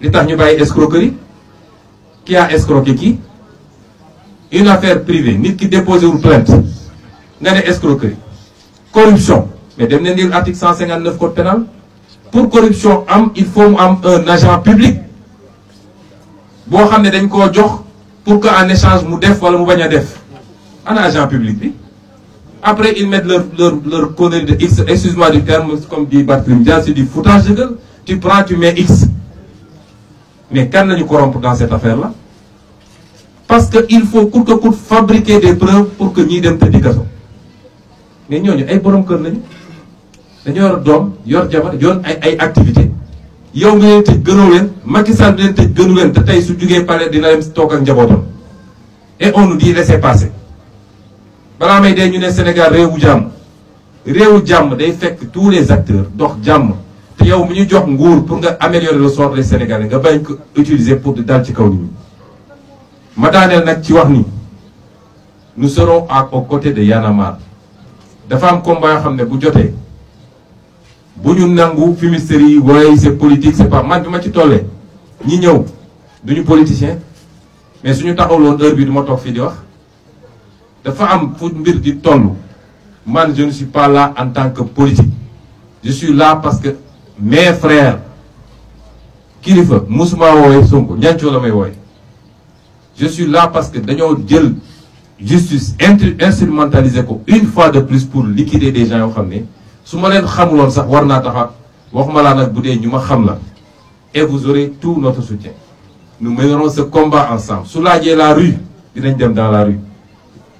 L'État ne ñu pas escroquerie qui a escroqué qui une affaire privée ni qui dépose une plainte n'a pas escroquerie corruption mais dem l'article lire 159 code pénal pour corruption il faut un agent public boire on des dañ pour qu'en échange nous def wala mu agent public après, ils mettent leur, leur, leur connerie de X, excuse-moi du terme, comme dit Barthélémy c'est du foutage de gueule. Tu prends, tu mets X. Mais quand nous corrompre dans cette affaire-là Parce qu'il faut coûte que coûte fabriquer des preuves pour que nous des dégagons. Mais nous, nous sommes des gens qui ont des activités. yow nga leen tëj gënoo leen Macky Sall bi leen tëj gënu leen te tey su jugee palais dina dem toog ak njabootam et on nous dit laissez passer balaa may dee ñu ne Sénégal réewu jàmm réewu jàmm day fekk tous les acteurs dox jàmm te yow mi ñu jox nguur pour nga améliorer le sort des Sénégalais nga bañ ko utiliser pour di dal ci kaw nit ma daaneel nag ci wax ni nous serons à côté de Y'en a marre dafa am combat yoo xam ne bu jotee bu ñu nangu fumisterie yi waaye c'est politique c'est pas man bi ma ci tollee ñi ñëw duñu politicien mais suñu taxawloon heure bi du ma toog fii di wax je ne suis pas là en tant que politique je suis là parce que mes frères kilifa Moussma je suis là parce que dañoo jël justice instrumentalisée une fois de plus pour liquider des gens et vous aurez tout notre soutien nous mènerons ce combat ensemble y la rue Il dem dans la rue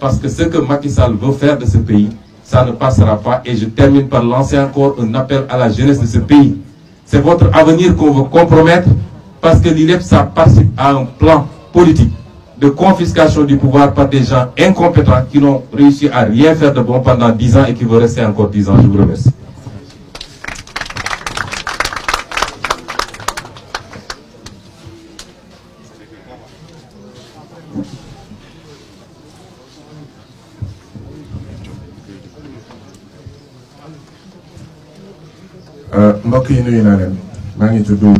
Parce que ce que Macky Sall veut faire de ce pays, ça ne passera pas. Et je termine par lancer encore un appel à la jeunesse de ce pays. C'est votre avenir qu'on veut compromettre parce que l'ILEP, ça participe à un plan politique de confiscation du pouvoir par des gens incompétents qui n'ont réussi à rien faire de bon pendant 10 ans et qui vont rester encore 10 ans. Je vous remercie. mbokk yi nuyu naa leen maa ngi tudd